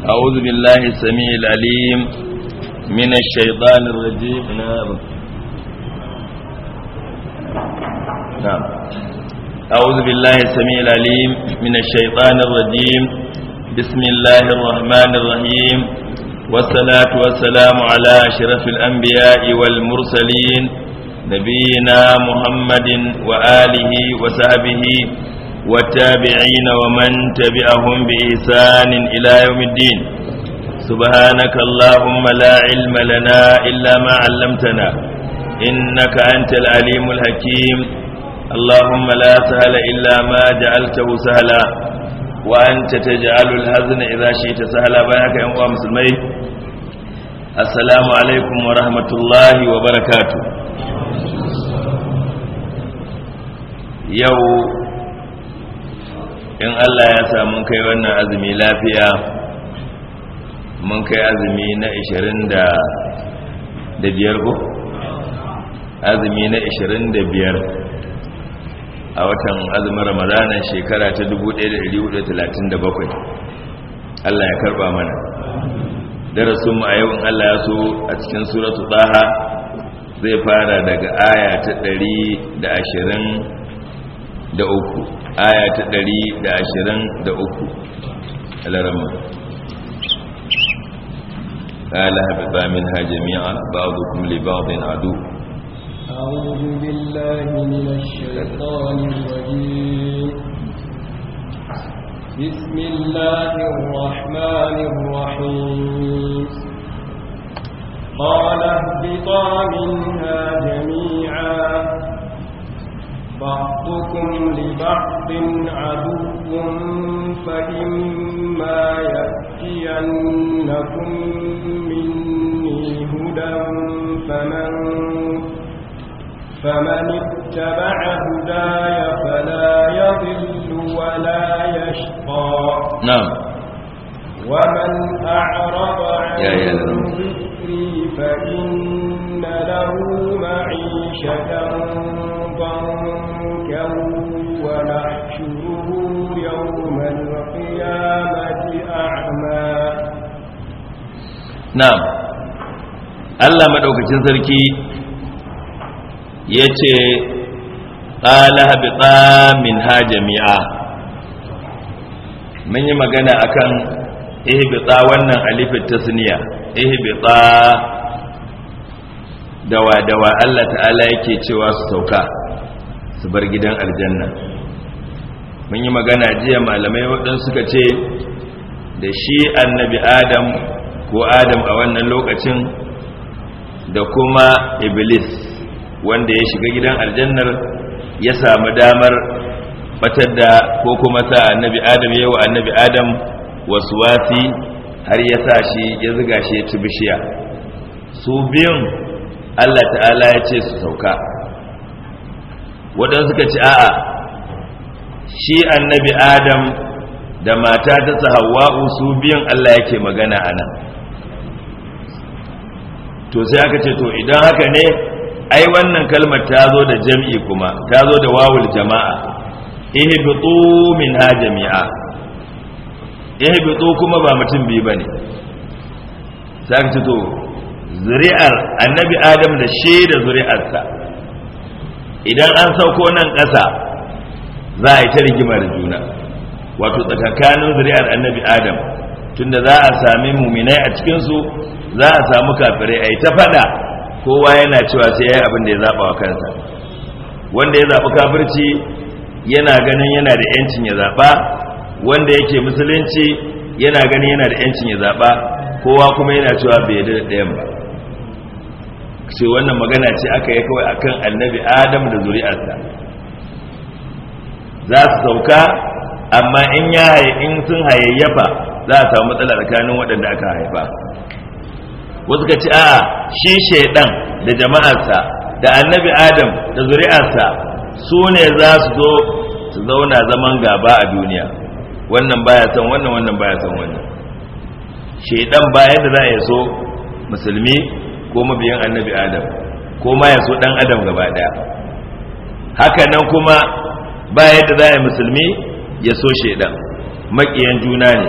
أعوذ بالله السميع العليم من الشيطان الرجيم نعم نعم أعوذ بالله السميع العليم من الشيطان الرجيم بسم الله الرحمن الرحيم والصلاة والسلام على أشرف الأنبياء والمرسلين نبينا محمد وآله وصحبه والتابعين ومن تبعهم بإحسان إلى يوم الدين سبحانك اللهم لا علم لنا إلا ما علمتنا إنك أنت العليم الحكيم اللهم لا سهل إلا ما جعلته سهلا وأنت تجعل الحزن إذا شئت سهلا بينك يا مسلمين السلام عليكم ورحمة الله وبركاته yau in Allah ya sa mun kai wannan azumi lafiya mun kai azumi na 25 da biyar ko azumi na 25 a watan azumin ramadanan shekara ta 1437 Allah ya karba mana darasin mu a yau in Allah ya so a cikin suratu tsaha zai fara daga aya ta 120 da uku aya ta ɗari da ashirin da uku alarama ƙala haɓiɓa min ha jami'a ba zukun libabin adu أعوذ بالله من بسم الله الرحمن الرحيم قال اهبطا منها بعضكم لبعض عدو فإما يأتينكم مني هدى فمن فمن اتبع هداي فلا يضل ولا يشقى نعم ومن أعرض عن ذكري فإن له معيشة ضنكا na'am Allah madaukakin sarki yace qala min ha jami'a mun yi magana akan ihbita wannan alifin tasniya ihbita dawa dawa Allah ta'ala yake cewa su sauka su bar gidan aljanna mun yi magana jiya malamai waɗansu suka ce da shi annabi adam ko adam a wannan lokacin da kuma iblis wanda ya shiga gidan aljannar ya samu damar batar da ko kuma sa annabi adam yi wa annabi adam wasu wasi har ya sa shi ya zuga shi ya ci bishiya su biyun Allah ta'ala ya ce su sauka waɗansu suka ci a'a shi annabi adam da mata ta hawa'u su biyun Allah yake magana a nan to sai aka ce to idan haka ne ai wannan kalmar ta zo da jam'i kuma ta zo da wawul jama'a ihbitu minha jami'a ihbitu kuma ba mutum biyu bane sai aka ce to zuri'ar annabi adam da shi da zuri'arsa idan an sauko nan ƙasa za a yi ta rigimar juna wato tsakankanin zuri'ar annabi adam tunda za a sami muminai a cikinsu za a samu kafirai a yi ta fada kowa yana cewa sai ya yi abin da ya zaɓa wa kansa wanda ya zaɓi kafirci yana ganin yana da yancin ya zaɓa wanda yake musulunci yana ganin yana da yancin ya zaɓa kowa kuma yana cewa bai yarda da ɗayan ba sai wannan magana ce aka yi kawai akan annabi adam da zuri'arsa za su sauka amma in ya in sun hayayyafa za a samu matsala tsakanin waɗanda aka haifa wasu ka ci a shi shaidan da jama'arsa da annabi adam da zuri'arsa su ne za su zo su zauna zaman gaba a duniya wannan baya san wannan wannan baya san wannan shaidan ba yadda za a so musulmi ko mabiyan annabi adam ko ma ya so dan adam gaba daya haka nan kuma ba yadda za a musulmi ya so shaidan maƙiyan juna ne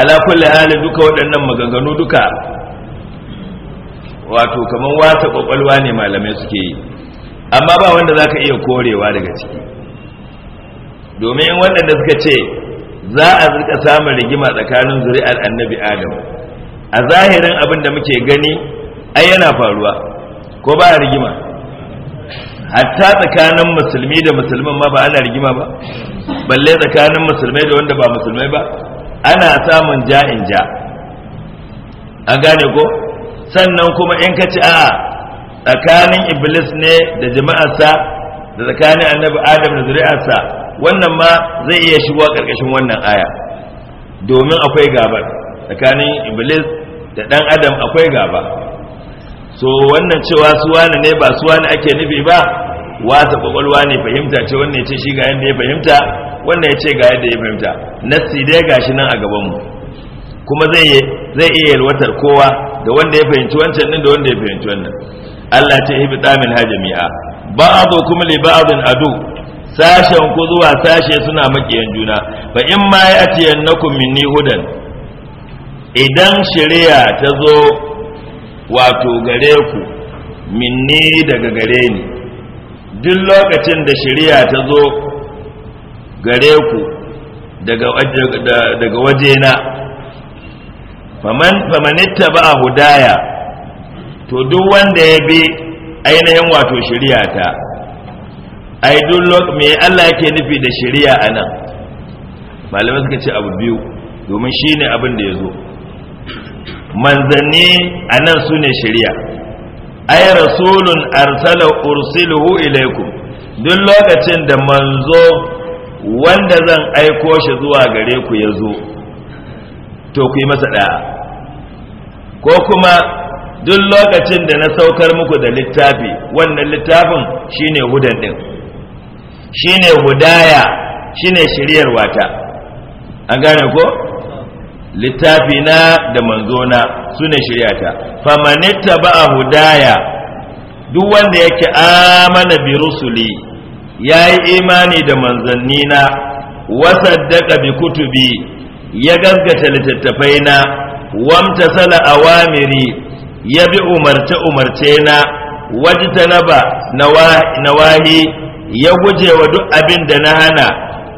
ala kulli hali duka waɗannan maganganu duka wato kamar wasa kwakwalwa ne malamai suke yi amma ba wanda zaka iya korewa daga ciki domin waɗanda suka ce za a rika samun rigima tsakanin zuri'ar annabi adam a zahirin abin da muke gani ai yana faruwa ko ba rigima hatta tsakanin musulmi da musulman ma ba ana rigima ba balle tsakanin musulmai da wanda ba musulmai ba ana samun ja'in ja an gane ko sannan kuma in ka ci a tsakanin iblis ne da jama'arsa da tsakanin annabi adam da zuri'arsa wannan ma zai iya shigowa karkashin wannan aya domin akwai gaba tsakanin iblis da dan adam akwai gaba so wannan cewa suwa ne ba suwana ake nufi ba wata kwakwalwa ne fahimta ce wannan ya ce shi ga yadda ya fahimta wannan ya ce ga yadda ya fahimta nassi dai gashi nan a gabanmu kuma zai zai iya yalwatar kowa da wanda ya fahimci wancan din da wanda ya fahimci wannan Allah ce hibi tsamin ha a ba'adu kuma li ba'adin adu sashen ku zuwa sashe suna makiyan juna fa in ma ya'tiyannakum minni hudan idan shari'a ta zo wato gare ku minni daga gare ni duk lokacin da shari'a ta zo gare ku daga na, famanitta ba a hudaya to duk wanda ya bi ainihin wato shari'a ta ai duk me Allah yake nufi da shari'a anan malamai suka ce abu biyu domin shi ne abin da ya zo manzanni anan su ne shari'a ai rasulun arsala ursiluhu ilaikum duk lokacin da manzo wanda zan aiko shi zuwa gare ku ya zo to ku yi masa da'a ko kuma duk lokacin da na saukar muku da littafi wannan littafin shine hudan din shine hudaya shine shiryarwa ta an gane ko littafina da manzona su ne ta. famanitta ba a hudaya duk wanda yake amana bi rusuli ya yi imani da manzannina wasaddaka bi kutubi ya gaskata littattafaina sala awamiri ya bi umarce umarce na na nawahi ya guje wa duk abin da na hana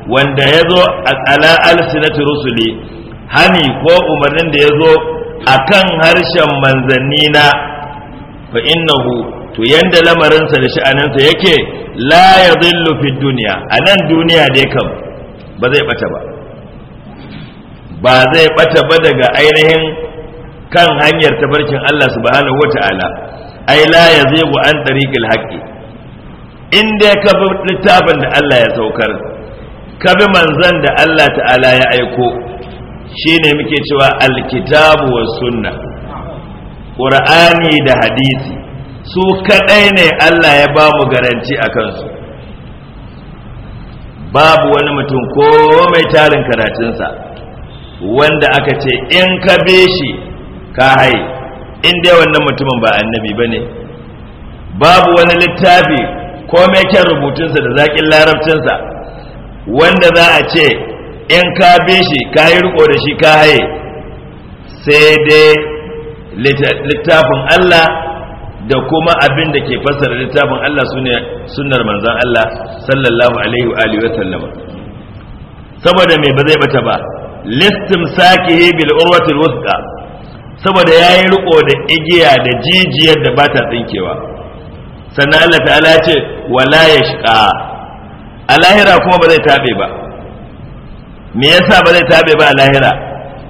wanda ya zo a ala rusuli hani ko umarnin da ya zo a kan harshen manzanni na fa innahu to yanda lamarinsa da sha'aninsa yake la ya fi duniya a nan duniya dai kam ba zai bata ba ba zai bata ba daga ainihin kan hanyar tabarkin Allah subhanahu wata'ala ai la ya zai an tariqil haqqi in dai ka bi littafin da Allah ya saukar ka bi manzan da Allah ta'ala ya aiko Shi ne muke cewa alkitabu wa sunna qur'ani da hadisi su kadai ne Allah ya ba mu garanti akan su babu wani mutum ko mai tarin karatunsa wanda aka ce in ka be shi ka hai in dai wannan mutumin ba annabi bane babu wani littafi ko mai kyan rubutunsa da zaƙin larabcinsa wanda za a ce in ka bi shi ka yi riko da shi ka haye sai dai littafin Allah da kuma abin da ke fassara littafin Allah sune sunnar manzon Allah sallallahu alaihi wa alihi wa sallama saboda me ba zai bata ba listim sakihi bil urwatil wuthqa saboda yayi riko da igiya da jijiyar da bata tsinkewa sannan Allah ta'ala ce wala yashqa a lahira kuma ba zai tabe ba me yasa ba zai tabe ba lahira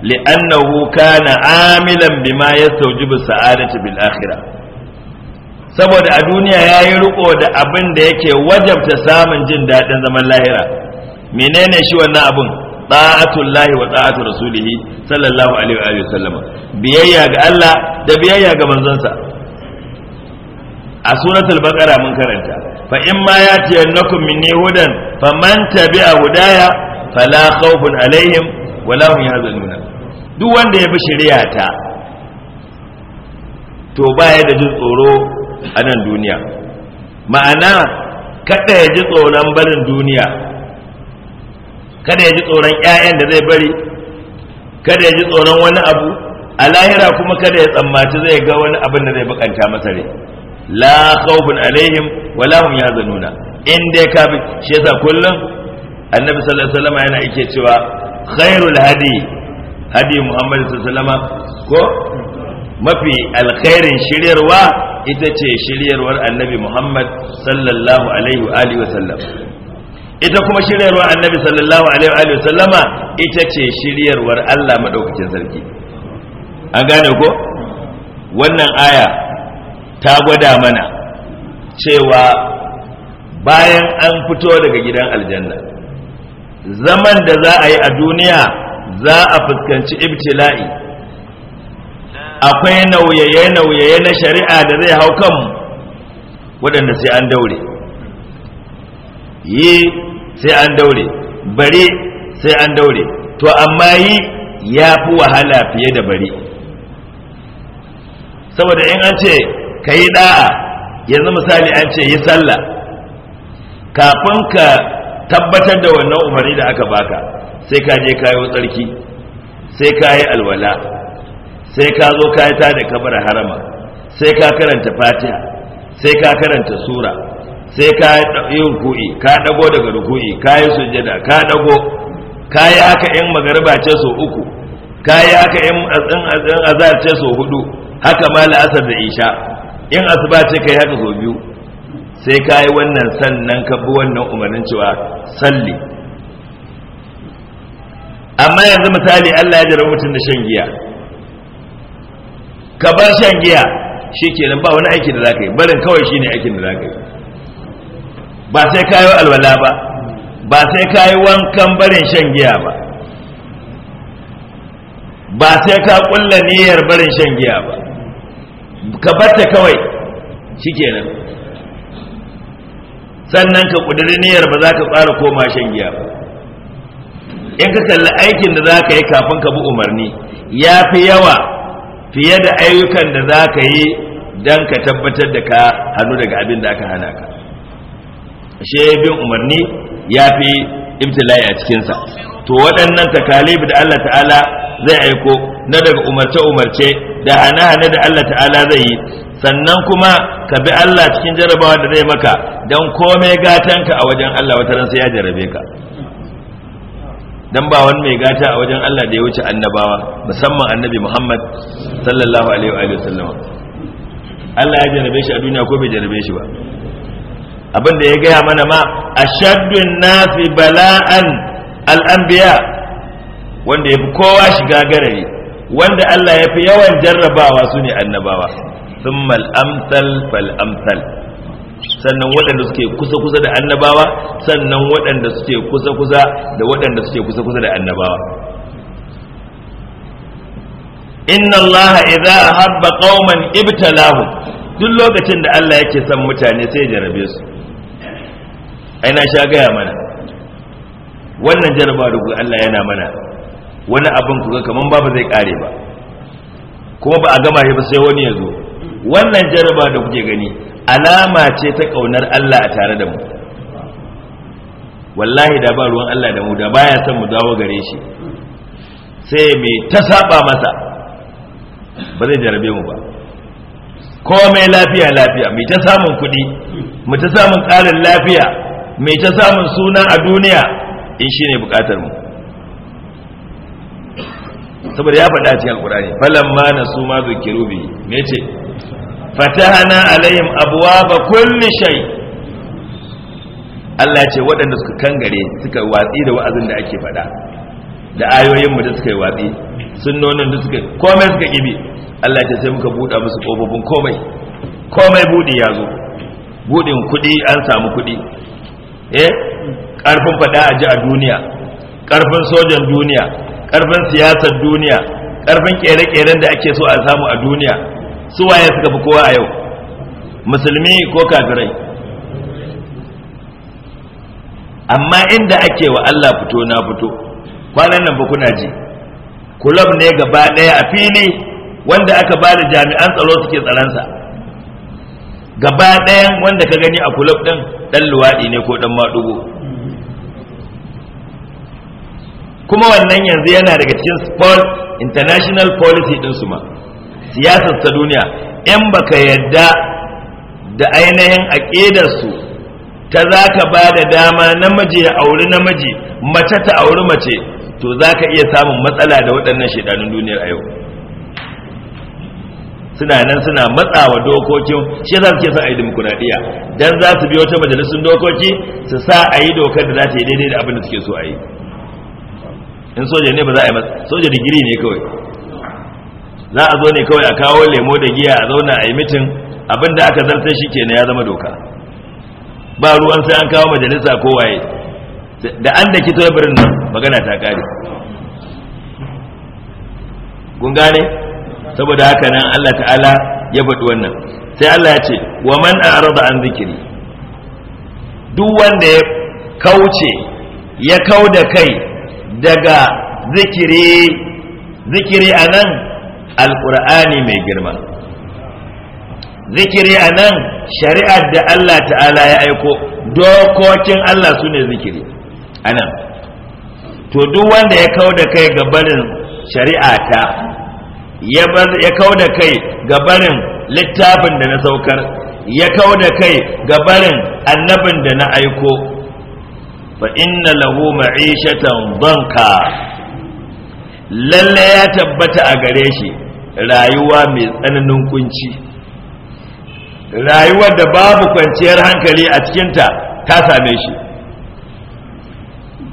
li'annahu kana amilan bima yastawjibu sa'adati bil akhirah saboda a duniya yayi riko da abin da yake wajabta samun jin dadin zaman lahira menene shi wannan abin ta'atullahi wa ta'atu rasulihi sallallahu alaihi wa sallama. biyayya ga Allah da biyayya ga sa. a suratul baqara mun karanta fa in ma yatiyannakum minni hudan faman tabi'a hudaya fala khawfun alaihim wala hum yahzanun duk wanda ya bi shari'a ta to baya da jin tsoro a nan duniya ma'ana kada ya ji tsoron barin duniya kada ya ji tsoron ƴaƴan da zai bari kada ya ji tsoron wani abu a lahira kuma kada ya tsammaci zai ga wani abin da zai bukanta masa rai la khawfun alaihim wala hum yahzanun in dai ka bi shi yasa kullum annabi sallallahu alaihi wasallam yana yake cewa khairul hadi hadi muhammad sallallahu alaihi ko mafi alkhairin shiryarwa ita ce shiryarwar annabi muhammad sallallahu alaihi wa alihi wasallam ita kuma shiryarwar annabi sallallahu alaihi wa alihi wasallama ita ce shiryarwar Allah madaukakin sarki an gane ko wannan aya ta gwada mana cewa bayan an fito daga gidan aljanna zaman da za a yi a duniya za a fuskanci ibtila'i akwai nauyaye-nauyaye na shari'a da zai hau kanmu waɗanda sai an daure yi sai an daure bari sai an daure to amma yi ya fi wahala fiye da bari saboda in an ce ka yi ɗa'a yanzu misali an ce yi sallah kafin ka tabbatar da wannan umarni da aka baka sai ka je kayo tsarki sai ka yi alwala sai ka zo ka yi ta da kabar harama sai ka karanta fatiha sai ka karanta sura sai ka yi ruku'i ka dago daga ruku'i ka yi sujjada ka dago ka yi haka yan magariba ce so uku ka yi haka yan azar ce so hudu haka ma la'asar da isha in asuba ce kai haka so biyu sai ka yi wannan sannan ka bi wannan umarnin cewa salli amma yanzu misali Allah ya jarabi mutum da shan giya ka bar shan giya shi kenan ba wani aiki da za ka yi barin kawai shi ne aikin da za ka yi ba sai ka yi alwala ba ba sai ka yi wankan barin shan giya ba ba sai ka kulla niyyar barin shan giya ba ka batta kawai shi kenan sannan ka kudiri niyyar ba za ka tsara koma shan giya ba in ka kalli aikin da za ka yi kafin ka bi umarni ya fi yawa fiye da ayyukan da za ka yi don ka tabbatar da ka hannu daga abin da aka hana ka shi bin umarni ya fi imtilai a cikinsa to waɗannan takalif da Allah ta'ala zai aiko na daga umarce-umarce da hana-hana da Allah ta'ala zai yi sannan kuma ka bi Allah cikin jarabawa da zai maka don komai gatanka a wajen Allah wata ransa ya jarabe ka Don ba wani mai gata a wajen Allah da ya wuce annabawa musamman annabi Muhammad sallallahu alaihi wa sallama. Allah ya jarabe shi a duniya ko bai jarabe shi ba abin da ya gaya mana ma a na fi bala'an al'ambiya wanda ya fi kowa shiga garari wanda Allah ya fi yawan jarrabawa su ne annabawa Sun al-amsal fal amsal sannan waɗanda suke kusa kusa da annabawa sannan waɗanda suke kusa kusa da waɗanda suke kusa kusa da annabawa inna allaha idza habba qauman ibtalahu duk lokacin da Allah yake son mutane sai ya jarabe su aina sha gaya mana wannan jaraba da Allah yana mana wani abin kuga kaman ba ba zai kare ba kuma ba a gama shi ba sai wani ya zo wannan jaraba da kuke gani alama ce ta kaunar Allah a tare da mu wallahi da ba ruwan Allah da mu da baya son mu dawo gare shi sai mai ta saba masa ba zai jarabe mu ba komai lafiya lafiya mai ta samun kuɗi mai ta samun ƙarin lafiya mai ta samun suna a duniya in shi ne buƙatar mu saboda ya faɗa cikin alƙurani falan ma na su ma bi me ce fatahana alaihim abwaba kulli shay Allah ya ce waɗanda suka kangare suka watsi da wa'azin da ake faɗa da ayoyin mu da suka yi watsi sunnonin da suka komai suka kibi Allah ya ce sai muka buɗa musu kofofin komai komai buɗi ya zo buɗin kuɗi an samu kuɗi eh ƙarfin faɗa a ji a duniya ƙarfin sojan duniya ƙarfin siyasar duniya ƙarfin ƙere-ƙeren da ake so a samu a duniya su waye suka fi kowa a yau musulmi ko kafirai amma inda ake wa Allah fito na fito kwanan nan ba kuna ji kulob ne gaba ɗaya a fili wanda aka ba da jami'an tsaro suke tsaransa gaba ɗayan wanda ka gani a kulob ɗin ɗan luwaɗi ne ko ɗan maɗugo kuma wannan yanzu yana daga cikin sport international policy ɗinsu ma siyasar ta duniya in baka yadda da ainihin aƙidarsu ta za ka ba da dama namiji ya auri namiji mace ta auri mace to za ka iya samun matsala da waɗannan shaidanun duniyar a yau suna nan suna matsawa dokokin shi za su ke son a yi dimokuraɗiyya don za su biyo ta majalisun dokoki su sa a yi dokar da za ta yi daidai da abin da suke so a yi in soja ne ba za a yi masu soja digiri ne kawai za a zo ne kawai a kawo lemo da giya a zauna a yi mitin abinda aka zartar shi ke ya zama doka ba ruwan sai an kawo majalisa ko waye da an da kito birnin nan magana ta kare kun gane saboda haka nan Allah ta'ala ya faɗi wannan sai Allah ya ce wa man a'rada an zikiri duk wanda ya kauce ya kau da kai daga zikiri zikiri anan alkur'ani mai girma zikiri anan, nan shari'ar da Allah ta'ala ya aiko dokokin Allah su ne zikiri a to duk wanda ya kau da kai ga barin shari'a ta ya kau da kai ga barin littafin da na saukar ya kau da kai ga barin annabin da na aiko fa inna lahu ma'ishatan banka lalle ya tabbata a gare shi rayuwa mai tsananin kunci rayuwar da babu kwanciyar hankali a cikinta ta same shi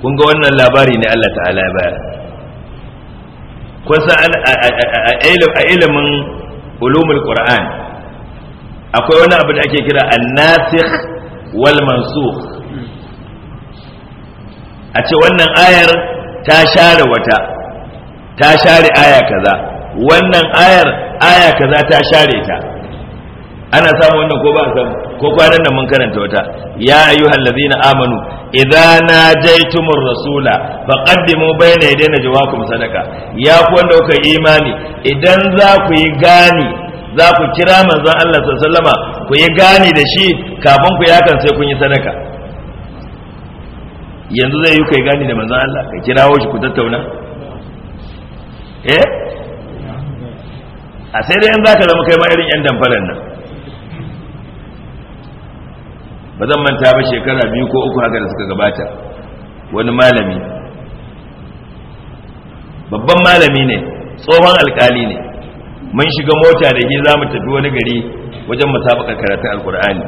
kun ga wannan labari ne Allah ta'ala ya bayar kusa a ilimin ulumul qur'an akwai wani abu da ake kira an-nasikh wal mansukh a ce wannan ayar ta share wata ta share aya kaza wannan ayar aya kaza ta share ta ana samu wannan ko ba a samu ko kwanan nan mun karanta wata ya ayyuhal na amanu idza najaytumur rasula faqaddimu bayna yaday najwakum sadaka ya ku wanda kuka imani idan za ku yi gani za ku kira manzon Allah sallallahu alaihi ku yi gani da shi kafin ku yakan sai kun yi sadaka yanzu zai yi yi gani da manzon Allah ka kirawo shi ku tattauna eh a sai dai in za ka zama kai ma irin 'yan damfaran nan ba zan manta ba shekara biyu ko uku haka da suka gabata wani malami babban malami ne tsohon alkali ne mun shiga mota da shi za mu tafi wani gari wajen musabakar karatun alkur'ani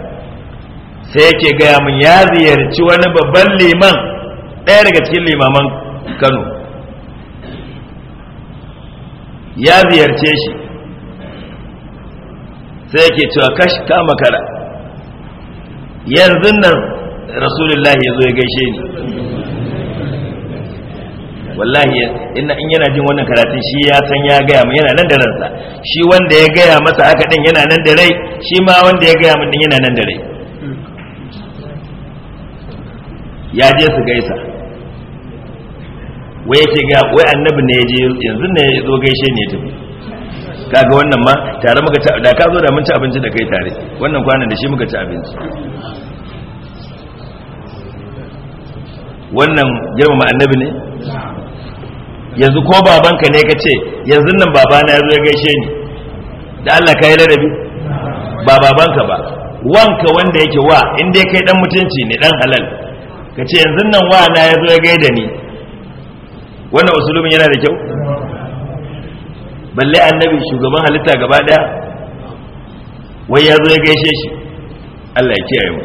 sai yake gaya mun ya ziyarci wani babban liman ɗaya daga cikin limaman kano ya ziyarce shi sai yake cewa kashi ta makara yanzu nan rasulullahi ya zo ya gaishe ni wallahi in yana jin wannan karatun shi ya san ya gaya min yana nan da ransa shi wanda ya gaya masa aka din yana nan da rai shi ma wanda ya gaya min din yana nan da rai ya je su gaisa wai yake ga wai annabi ne ya je yanzu ne ya zo gaishe ne ya tafi kaga wannan ma tare muka ci da ka zo da mun ci abinci da kai tare wannan kwanan da shi muka ci abinci wannan girmama annabi ne yanzu ko babanka ne ka ce yanzu nan babana ya zo ya gaishe ni da Allah ka yi ladabi ba babanka ba wanka wanda yake wa inda dai kai dan mutunci ne dan halal kace yanzu nan wa na ya zo ya gaida ni wannan usulumin yana da kyau balle annabi shugaban halitta gaba daya wai ya zo ya gaishe shi Allah ya kiyaye mu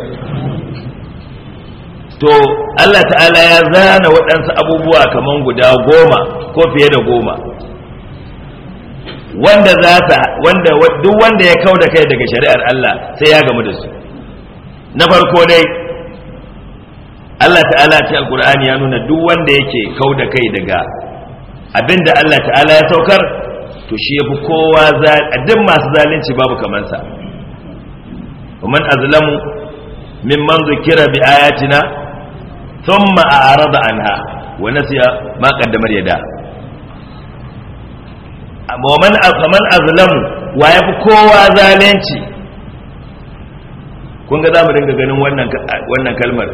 to Allah ta'ala ya zana waɗansu abubuwa kamar guda goma ko fiye da goma wanda za ta wanda duk wanda ya kauda kai daga shari'ar Allah sai ya gamu da su na farko dai Allah ta'ala ta alkur'ani ya nuna duk wanda yake kauda kai daga abinda Allah ta'ala ya saukar to shi yafi kowa duk masu zalunci babu kamansa ومن أظلم ممن ذكر بآياتنا ثم أعرض عنها ونسي ما قدم يداه ومن فمن أظلم ويب kowa zalunci kun ga za mu dinga ganin wannan kalmar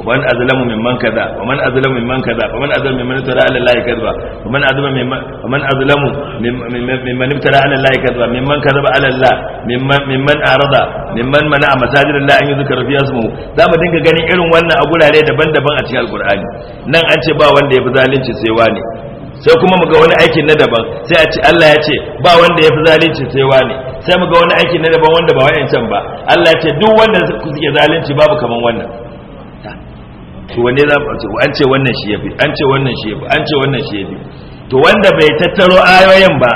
ومن أظلم ممن كذا ومن أظلم ممن كذا ومن أظلم ممن افترى على الله كذبا ومن أظلم ومن أظلم ممن افترى على الله كذبا ممن كذب على الله ممن ممن أعرض ممن منع مساجد الله أن يذكر فيها اسمه za mu dinga ganin irin wannan a gurare daban-daban a cikin alkur'ani nan an ce ba wanda ya zalunci sai wani sai kuma muga wani aiki na daban sai a ce Allah ya ce ba wanda ya fi zalunci sai wani sai muga wani aiki na daban wanda ba wa'ancan ba Allah ya ce duk wanda suke zalunci babu kaman wannan to wanne za an ce wannan shi yafi an ce wannan shi yafi an ce wannan shi yafi to wanda bai tattaro ayoyin ba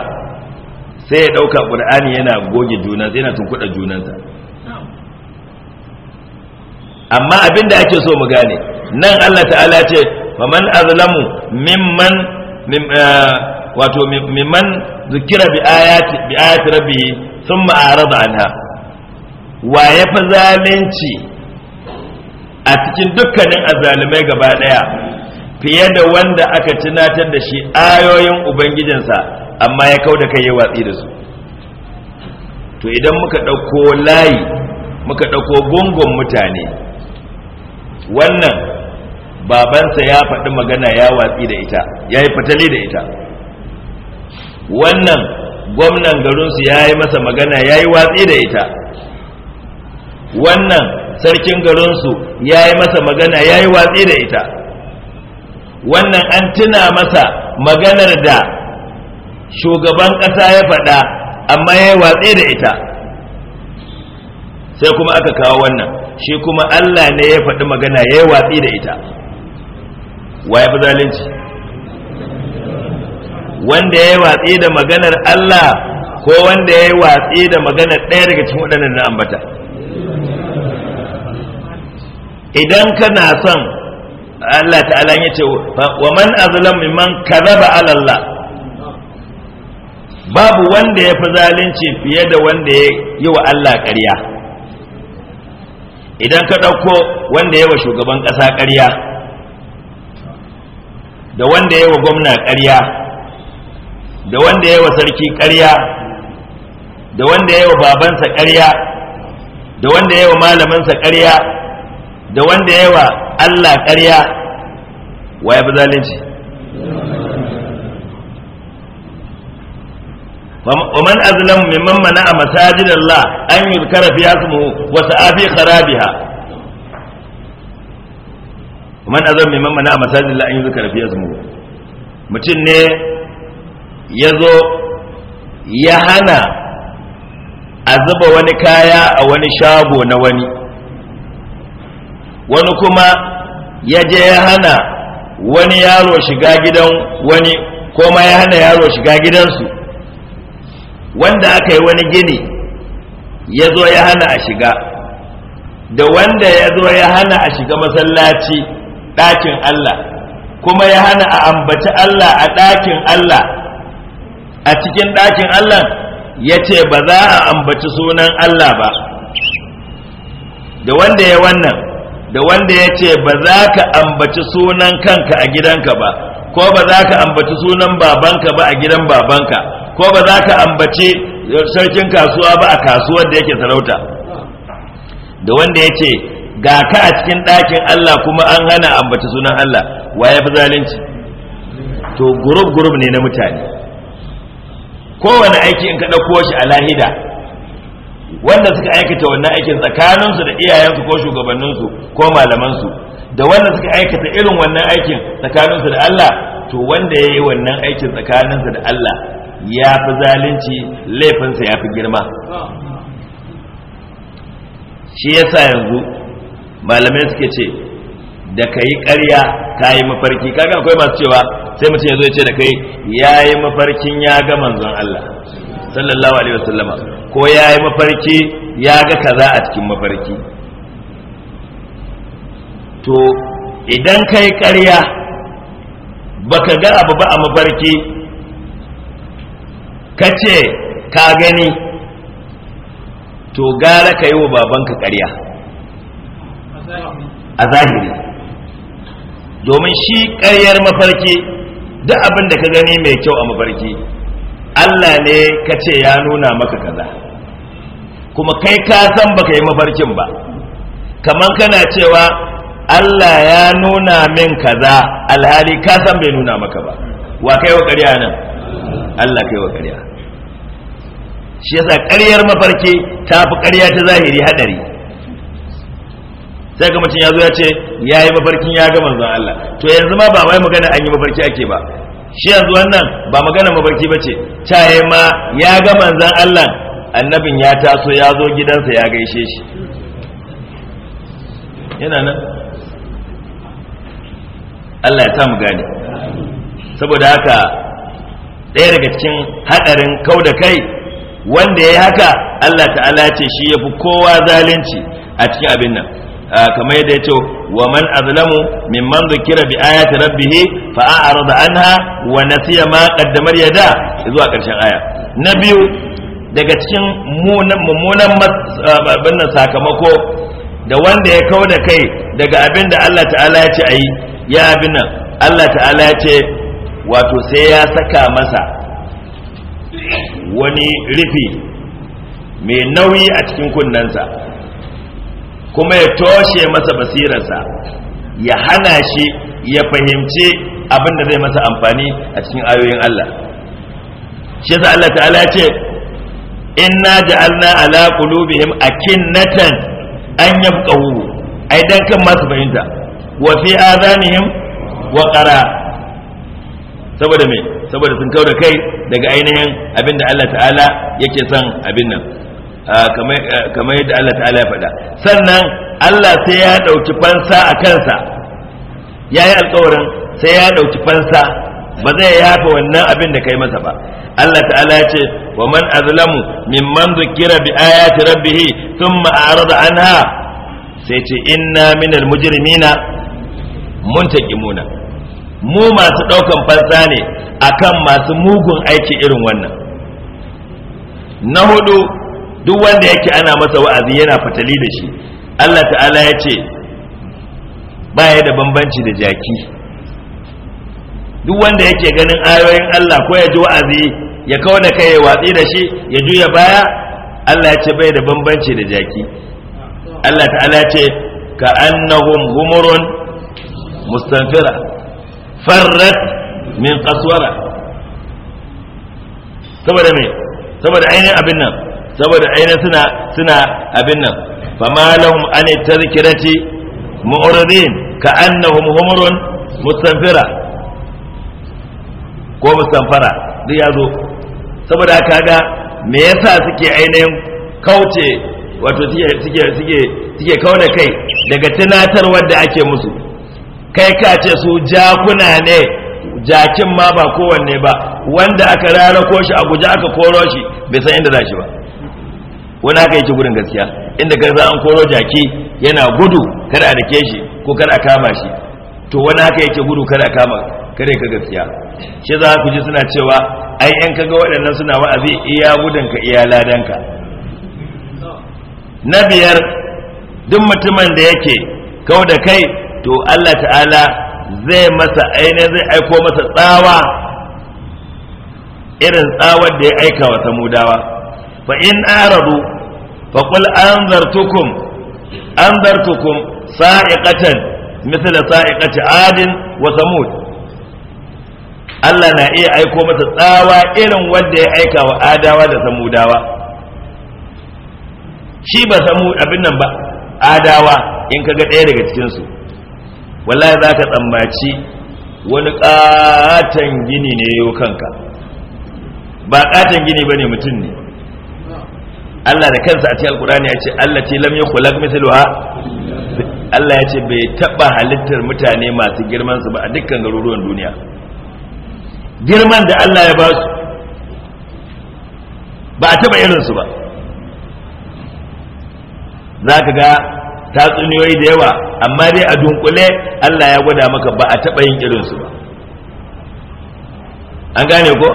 sai ya dauka qur'ani yana goge junan sai yana tunkuda junansa amma abinda ake so mu gane nan Allah ta'ala ce faman azlamu mimman eh, wato mimman zikira bi ayati bi ayati rabbi thumma arada anha wa yafzalinci a cikin dukkanin azalimai gaba daya fiye da wanda aka tunatar da shi ayoyin ubangijinsa amma ya kau da kai ya watsi da su to idan muka ɗauko layi muka ɗauko gungun mutane wannan babansa ya faɗi magana ya watsi da ita ya yi fatali da ita wannan gwamnan garinsu ya yi masa magana ya yi watsi da ita wannan sarkin garinsu ya yi masa magana ya yi watsi da ita wannan an tuna masa maganar da shugaban ƙasa ya faɗa amma ya yi watsi da ita sai kuma aka kawo wannan shi kuma Allah ne ya faɗi magana ya yi watsi da ita wa ya fi zalunci wanda ya yi watsi da maganar Allah ko wanda ya yi watsi da maganar ɗaya daga cikin waɗannan na ambata idan kana son Allah ta'ala ya ce wa man azlam mimman kadhaba ala Allah babu wanda ya fi zalunci fiye da wanda ya yi wa Allah ƙarya idan ka ɗauko wanda ya wa shugaban ƙasa ƙarya da wanda ya wa gwamna ƙarya da wanda ya wa sarki ƙarya da wanda ya wa babansa ƙarya da wanda ya wa malamansa ƙarya da wanda yawa Allah ƙarya wa ya fi zalunci ومن أظلم ممن منع مساجد الله أن يذكر فيها اسمه وسعى في خرابها ومن أظلم ممن منع مساجد الله أن يذكر فيها اسمه mutum ne ya zo ya hana a zuba wani kaya a wani shago na wani wani kuma ya je ya hana wani yaro shiga gidan wani ko ma ya hana yaro shiga gidansu wanda aka yi wani gini ya zo ya hana a shiga da wanda ya zo ya hana a shiga masallaci ɗakin Allah kuma ya hana a ambaci Allah a ɗakin Allah a cikin ɗakin Allah ya ce ba za a ambaci sunan Allah ba da wanda ya wannan da wanda ya ce ba za ka ambaci sunan kanka a gidanka ba ko ba za ka ambaci sunan babanka ba a gidan babanka ko ba za ka ambaci sarkin kasuwa ba a kasuwar da yake sarauta da wanda ya ce ga ka a cikin ɗakin Allah kuma an hana ambaci sunan Allah waye fi zalunci to gurub gurub ne na mutane kowane aiki in ka ɗauko shi a lahida wanda suka aikata wannan aikin tsakaninsu da iyayensu ko shugabanninsu ko malamansu da wanda suka aikata irin wannan aikin tsakaninsu da Allah to wanda ya yi wannan aikin tsakaninsa da Allah ya fi zalunci laifinsa ya fi girma shi yasa yanzu malamai suke ce da ka yi ƙarya ka yi mafarki kaga akwai masu cewa sai mutum ya zo ya ce da kai ya yi mafarkin ya ga manzon Allah sallallahu alaihi wasallama ko ya yi mafarki ya ga kaza a cikin mafarki to idan kai ƙarya baka ga abu ba a mafarki ka ce ka gani to gara ka yi wa babanka ƙarya a zahiri domin shi ƙaryar mafarki duk abin da ka gani mai kyau a mafarki Allah ne ka ce ya nuna maka kaza kuma kai ka san baka yi mafarkin ba kamar kana cewa Allah ya nuna min kaza alhali ka san bai nuna maka ba wa kai wa ƙarya nan Allah kai wa ƙarya shi yasa ƙaryar mafarki ta fi ƙarya ta zahiri hadari sai ga ya zo ya ce ya yi mafarkin ya ga manzon Allah to yanzu ma ba wai magana an yi mafarki ake ba shi yanzu wannan ba magana mabarki bace caye ma ya ga manzon Allah annabin ya taso ya zo gidansa ya gaishe shi yana nan Allah ya sa mu saboda haka ɗaya daga cikin haɗarin kau da kai wanda ya yi haka Allah ta'ala ce shi ya fi kowa zalunci a cikin abin nan kamar yadda ya ce wa man azlamu mimman zukira bi ayati rabbih fa a'rada anha wa nasiya ma qaddamar yada zuwa karshen aya na biyu daga cikin mummunan abin sakamako da wanda ya kau da kai daga abin da Allah ta'ala ya ce ayi ya abin nan Allah ta'ala ya ce wato sai ya saka masa wani rufi mai nauyi a cikin kunnensa kuma ya toshe masa basirarsa ya hana shi ya fahimci abin da zai masa amfani a cikin ayoyin Allah shi yasa Allah ta'ala ce inna ja'alna ala qulubihim akinnatan an yafqahu ai dan kan masu fahimta wa fi adanihim wa qara saboda me saboda sun kauda kai daga ainihin abinda Allah ta'ala yake son abin nan Ah, ah, kamar yadda Allah ta'ala ya faɗa sannan Allah sai ya ɗauki fansa a kansa ya yi alkawarin sai ya ɗauki fansa ba zai yafa wannan abin da kai masa ba Allah ta'ala ya ce wa man azlamu mimman zukira bi ayati rabbih thumma a'rada anha sai ce inna minal mujrimina muntakimuna mu masu ɗaukan fansa ne akan masu mugun aiki irin wannan na hudu duk wanda yake ana masa wa'azi yana fatali da shi Allah ta'ala ya ce ba ya da bambanci da jaki duk wanda yake ganin ayoyin Allah ko ya ji wa'azi ya kawo da kai ya watsi da shi ya juya baya Allah ya ce bai da bambanci da jaki Allah ta'ala ya ce ka annahum humurun mustanfira farrat min qaswara saboda me saboda ainihin abin nan saboda aina suna suna abin nan fa malahum an tazkirati mu'ridin ka annahum humurun mustanfira ko mustanfara duk yazo zo saboda kaga me yasa suke ainihin kauce wato suke suke suke suke kauna kai daga tunatar wanda ake musu kai ka ce su jakuna ne jakin ma ba kowanne ba wanda aka rara ko shi a guje aka koro shi bai san inda za shi ba wani haka yake gudun gaskiya inda garza an koro jaki yana gudu kada a dake shi ko kada a kama shi to wani haka yake gudu kada a kama kare ka gaskiya shi za ku ji suna cewa ai yan kaga waɗannan suna wa'azi iya gudun ka iya ka na biyar duk mutumin da yake kau da kai to Allah ta'ala zai masa aine zai aiko masa tsawa irin tsawar da ya aika wa samudawa fa in aradu fa qul anzartukum anzartukum sa'iqatan mithla sa'iqati adin wa samud Allah na iya aiko mata tsawa irin wanda ya aika wa adawa da samudawa shi ba samu abin nan ba adawa in kaga ɗaya daga cikinsu wallahi za ka tsammaci wani ƙaton gini ne yau kanka ba ƙaton gini ba ne mutum ne Allah da kansa a cikin alkurani ya ce Allah ce lam yukhlaq mithluha Allah ya ce bai taba halittar mutane masu girman su ba a dukkan garuruwan duniya girman da Allah ya ba su ba a taba irin su ba zaka ga tatsuniyoyi da yawa amma dai a dunkule Allah ya gwada maka ba a taba yin irin su ba an gane ko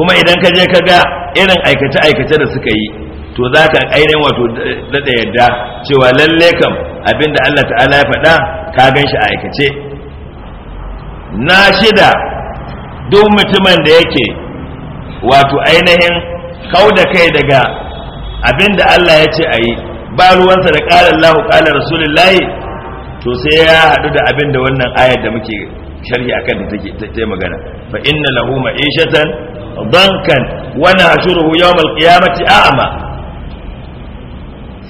kuma idan ka je ka ga irin aikace-aikace da suka yi to za ka ainihin wato daɗa yadda cewa lalle kam abinda Allah ta'ala ya faɗa ka gan shi a aikace na shida duk mutumin da yake wato ainihin kau da kai daga abinda Allah ya ce a yi ba ruwansa da ƙalar lahu ƙalar rasulullahi to sai ya haɗu da abinda wannan ayar da muke sharhi akan da take ta magana fa inna lahu ma'ishatan bankan wa nahshuruhu yawm al a'ama.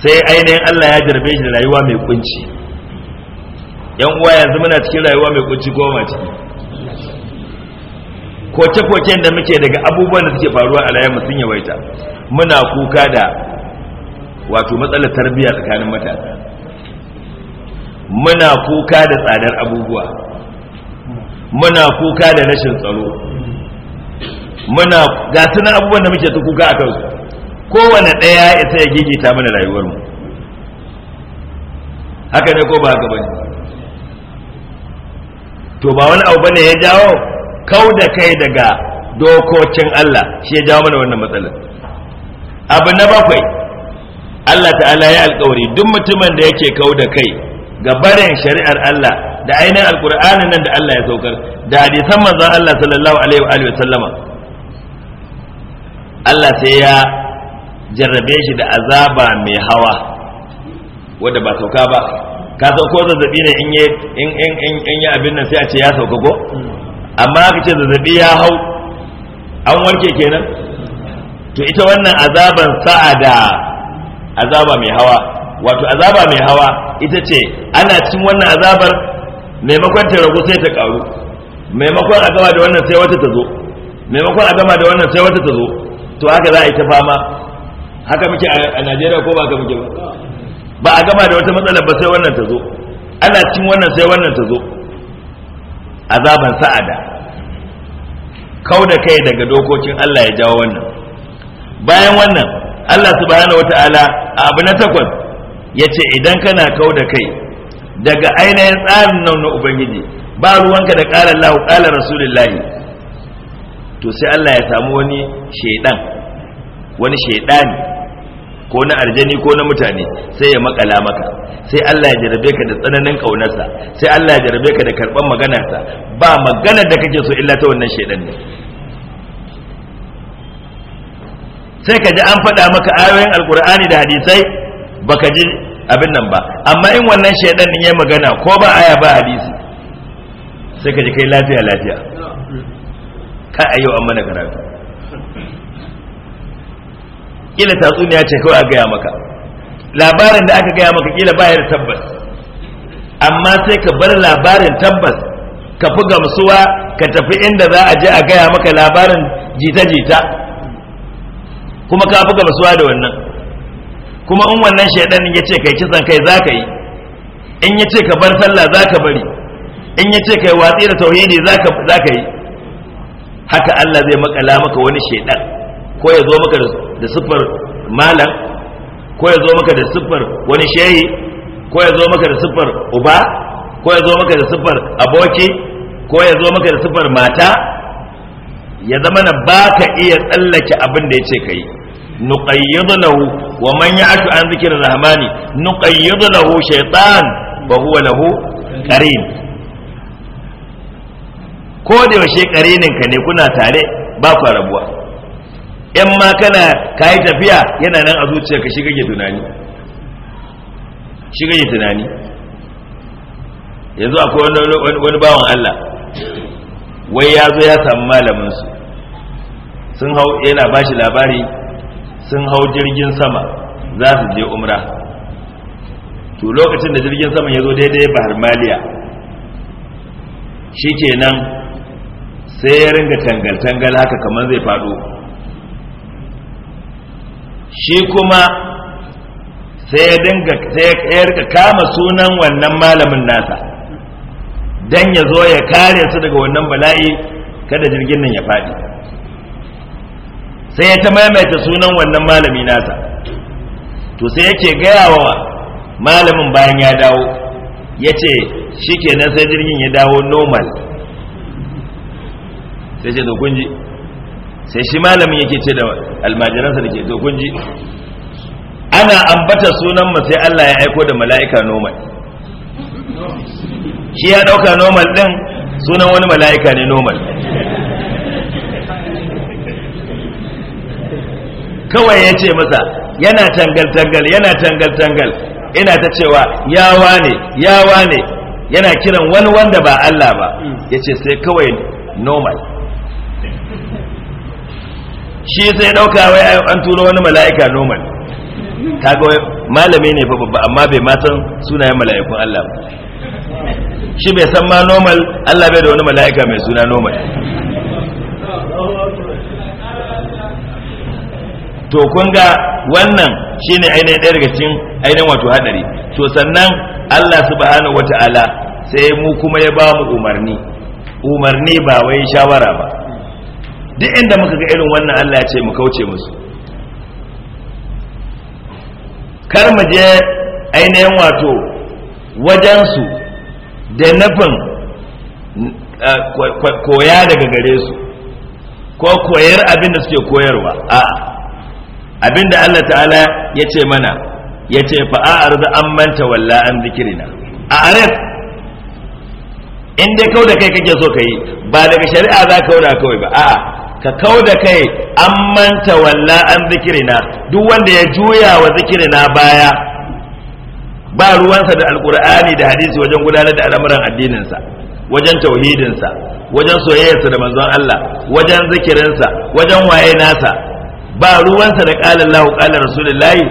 sai ainihin Allah ya jarbe shi da rayuwa mai kunci yan uwa yanzu muna cikin rayuwa mai kunci ko ma ciki koke-koken da muke daga abubuwan da suke faruwa a layar sun yawaita muna kuka da wato matsalar tarbiyya tsakanin matasa muna kuka da tsadar abubuwa muna kuka da rashin tsaro muna ga abubuwan da muke ta kuka a kansu kowane ɗaya ya isa ya gigita mana mu. haka ne ko ba haka bane to ba wani abu bane ya jawo kau da kai daga dokokin Allah shi ya jawo mana wannan matsalar abu na bakwai Allah ta'ala ya alkawari duk mutumin da yake kau da kai ga barin shari'ar Allah da ainihin alkur'ani nan da Allah ya saukar da hadisan manzon Allah sallallahu alaihi wa sallama Allah sai ya jarrabe shi da azaba mai hawa wadda ba sauka ba ka sauko zazzabi ne in yi abin nan sai a ce ya sauka ko amma aka ce zazzabi ya hau an warke kenan to ita wannan azaban sa'ada azaba mai hawa wato azaba mai hawa ita ce ana cin wannan azabar maimakon ta ragu sai ta karu maimakon a gama da wannan sai wata ta zo maimakon a gama da wannan sai wata ta zo to haka za a yi ta fama haka muke a najeriya ko ba ka muke ba ba a gama da wata matsalar ba sai wannan ta zo ana cin wannan sai wannan ta zo azaban sa'ada kau da kai daga dokokin allah ya jawo wannan bayan wannan allah subhanahu wata'ala a abu na takwas ya ce idan kana kau da kai daga ainihin tsarin nan na ubangiji ba ruwanka da ƙalar lahu ƙalar rasulullahi to sai allah ya samu wani shaidan wani shaidani ko na arjani ko na mutane sai ya makala maka sai Allah ya jarabe ka da tsananin kaunarsa sai Allah ya jarabe ka da karban maganarsa ba magana da kake so illa ta wannan shedan ne sai ka ji an faɗa maka ayoyin alkur'ani da hadisai baka ji abin nan ba amma in wannan shedan ya magana ko ba aya ba hadisi sai ka ji kai lafiya lafiya ka ayo an mana karatu kila tatsuniya ce kawai a gaya maka labarin da aka gaya maka kila bayar da tabbas amma sai ka bar labarin tabbas ka fi gamsuwa ka tafi inda za a je a gaya maka labarin jita-jita kuma ka fi gamsuwa da wannan kuma in wannan shaidan ya ce kai kisan kai za ka yi in ya ce ka bar sallah za ka bari in ya ce kai watsi da tauhidi za ka yi haka Allah zai makala maka wani shaidan ko ya zo maka da su. da siffar malam ko ya zo maka da siffar wani shehi ko ya zo maka da siffar uba ko ya zo maka da siffar aboki ko ya zo maka da siffar mata ya zama na ba ka iya tsallake abin da ya ce ka yi nuqayyidu lahu wa man ya'tu an zikri rahmani nuqayyidu lahu shaytan wa huwa lahu qarin ko da yaushe qarinin ka ne kuna tare ba ku rabuwa in ma kana ka yi tafiya yana nan a zuciyar ka shiga tunani shiga tunani yanzu akwai wani bawan Allah wai ya zo ya samu malaminsu sun hau yana ba shi labari sun hau jirgin sama za su je umra to lokacin da jirgin sama ya zo daidai bahar maliya shi nan sai ya ringa tangal-tangal haka kamar zai faɗo shi kuma sai ya dinga sai ya rika kama sunan wannan malamin nasa don ya zo ya kare su daga wannan bala'i kada jirgin nan ya faɗi sai ya ta maimaita sunan wannan malami nasa to sai yake gaya wa malamin bayan ya dawo ya ce shi kenan sai jirgin ya dawo normal sai ce to ji sai shi malamin yake ce da almajiransa da ke to kun ji ana ambata sunan mu sai Allah ya aiko da mala'ika normal shi ya dauka normal din sunan wani mala'ika ne normal kawai ya ce masa yana tangal-tangal yana tangal-tangal ina ta cewa yawa ne yawa ne yana kiran wani wanda ba Allah ba ya ce sai kawai normal shi sai dauka wai an turo wani mala'ika normal kaga malami ne babba amma bai ma san sunayen mala'ikun Allah shi bai san ma normal Allah bai da wani mala'ika mai suna normal to kun ga wannan shine ainihin ɗaya daga cikin ainihin wato hadari to sannan Allah subhanahu wata'ala sai mu kuma ya ba mu umarni umarni ba wai shawara ba duk inda muka ga irin wannan Allah ya ce mu kauce musu kar mu je ainihin wato wajensu da nufin koya daga gare su ko koyar abin suke koyarwa a abin Allah ta'ala ya ce mana ya ce a da an manta walla an zikirina a arif inda dai kau da kai kake so ka yi ba daga shari'a za ka wuna kawai ba a'a ka kau da kai an manta walla an zikirina duk wanda ya juya wa zikirina baya ba ruwansa da alkur'ani da hadisi wajen gudanar da al'amuran addininsa wajen tauhidinsa wajen soyayyarsa da manzon Allah wajen zikirinsa wajen waye nasa ba ruwansa da qala Allahu qala rasulullahi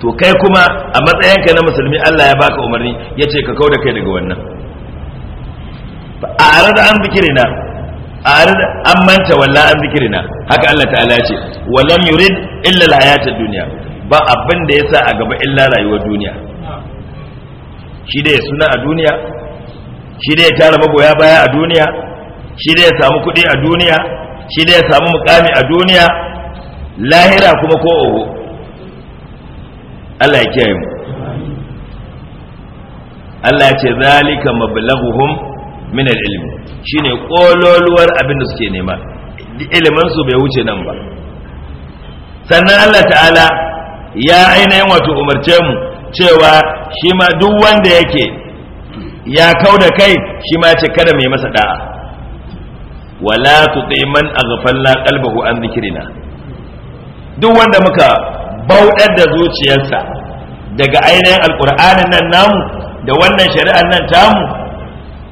to kai kuma a matsayinka na musulmi Allah ya baka umarni yace ka kau da kai daga wannan a arada an zikirina an manta walla an zikirina haka Allah ta'ala ce walam yurid illa alhayatad dunya ba abin da yasa a gaba illa rayuwar duniya shi da ya suna a duniya shi da ya tara magoya baya a duniya shi da ya samu kuɗi a duniya shi da ya samu mukami a duniya lahira kuma ko oho Allah ya kiyaye mu Allah ya ce zalika mablaghuhum min al shine kololuwar abin da suke nema Iliminsu bai wuce nan ba sannan Allah ta'ala ya ainihin wato umarce mu cewa shi ma duk wanda yake ya kau da kai shi ma ce kada mai masa da'a wala tuti man aghfalna an dhikrina duk wanda muka bauɗar da zuciyarsa daga ainihin alƙur'anin nan namu da wannan shari'ar nan tamu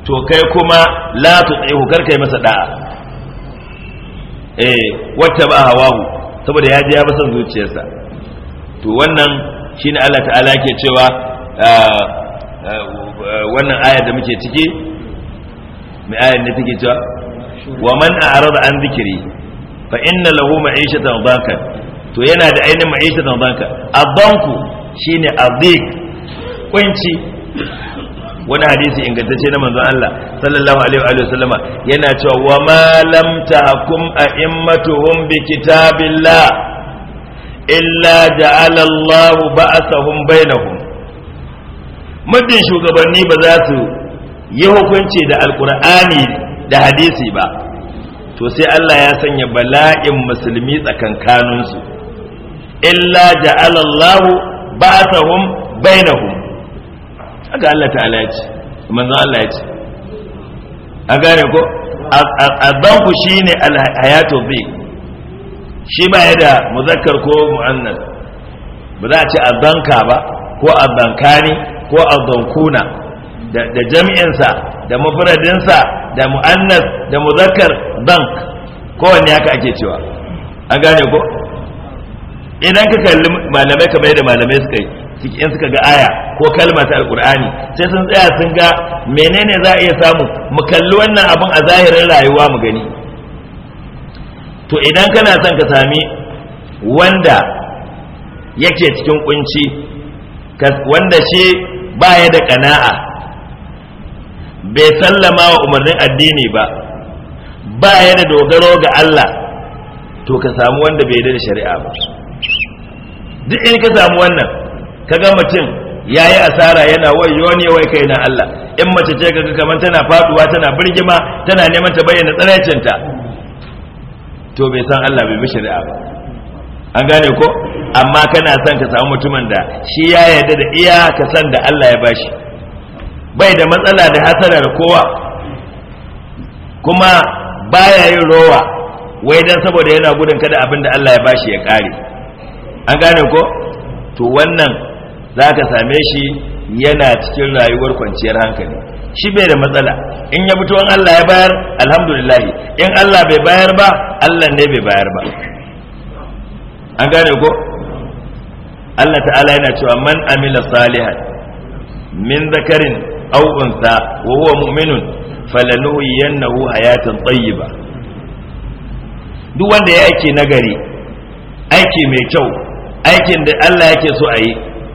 to kai kuma la tutsihu karkai masa da'a eh wata ba hawahu saboda ya je ya basan zuciyarsa to wannan shine Allah ta'ala yake cewa ah, ah, wannan aya da muke ciki mai ayar ne take cewa wa man a'rada an zikri fa inna lahu ma'ishatan dhanka to yana da ainihin ma'ishatan dhanka adanku shine adik kunci wani hadisi ingantacce na manzon Allah sallallahu alaihi wa sallama yana cewa wa ma lam tahkum a'immatuhum bi kitabillah illa ja'ala Allah ba'athahum bainahum muddin shugabanni ba za su yi hukunci da alkur'ani da hadisi ba to sai Allah ya sanya bala'in musulmi tsakankaninsu illa ja'ala Allah ba'athahum bainahum aga Allah ta'ala ya ce manzo Allah ya ce a gane ko shi shine alhayatu bi shi ba ya da muzakkar ko muannas ba za a ce ka ba ko azankani ko azankuna da jami'insa da mufradinsa da muannas da muzakkar bank. kowanne haka ake cewa an gane ko idan ka kalli malamai kamar yadda malamai suka yi in suka ga aya ko kalma ta alkur'ani sai sun tsaya sun ga menene za a iya samu mu kalli wannan abin a zahirin rayuwa mu gani to idan kana son ka sami wanda yake cikin kunci wanda shi baya da kana'a bai sallama wa umarnin addini ba baya da dogaro ga Allah to ka samu wanda bai da shari'a ba duk in ka samu wannan kaga mutum yayi asara yana wayo ne wai kai na Allah in mace ce kaga kaman tana faduwa tana birgima tana neman ta bayyana tsaraicinta to bai san Allah bai mishi da ba an gane ko amma kana son ka samu mutumin da shi ya yarda da iya ka san da Allah ya bashi bai da matsala da hasara da kowa kuma baya yin rowa wai dan saboda yana gudun kada abinda Allah ya bashi ya kare an gane ko to wannan za ka same shi yana cikin rayuwar kwanciyar hankali shi bai da matsala in ya fito Allah ya bayar alhamdulillahi in Allah bai bayar ba Allah ne bai bayar ba an gane ko Allah ta'ala yana cewa man amila salihan min zakarin aw unsa wa huwa mu'minun falanuhiyannahu hayatan tayyiba duk wanda ya aiki nagari aiki mai kyau aikin da Allah yake so a yi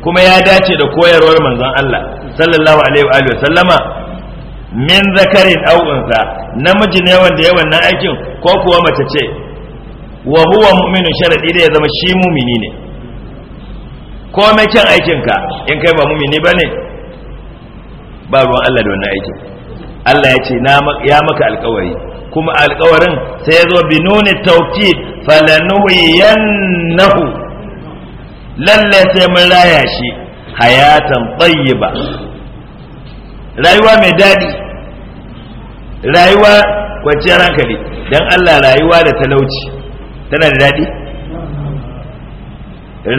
kuma ya dace da koyarwar manzon Allah sallallahu alaihi wa sallama min zakarin aw unsa namiji ne wanda ya wannan aikin ko kuwa mace ce wa huwa mu'minu sharadi da ya zama shi mumini ne ko mai kyan aikinka in kai ba mumini bane ba ruwan Allah da wannan aikin Allah ya ce ya maka alkawari kuma alkawarin sai ya zo binuni nuni tawkid falanuhiyannahu lalle sai mun raya shi hayatan tayyiba rayuwa mai daɗi rayuwa kwanciyar hankali don Allah rayuwa da talauci tana da daɗi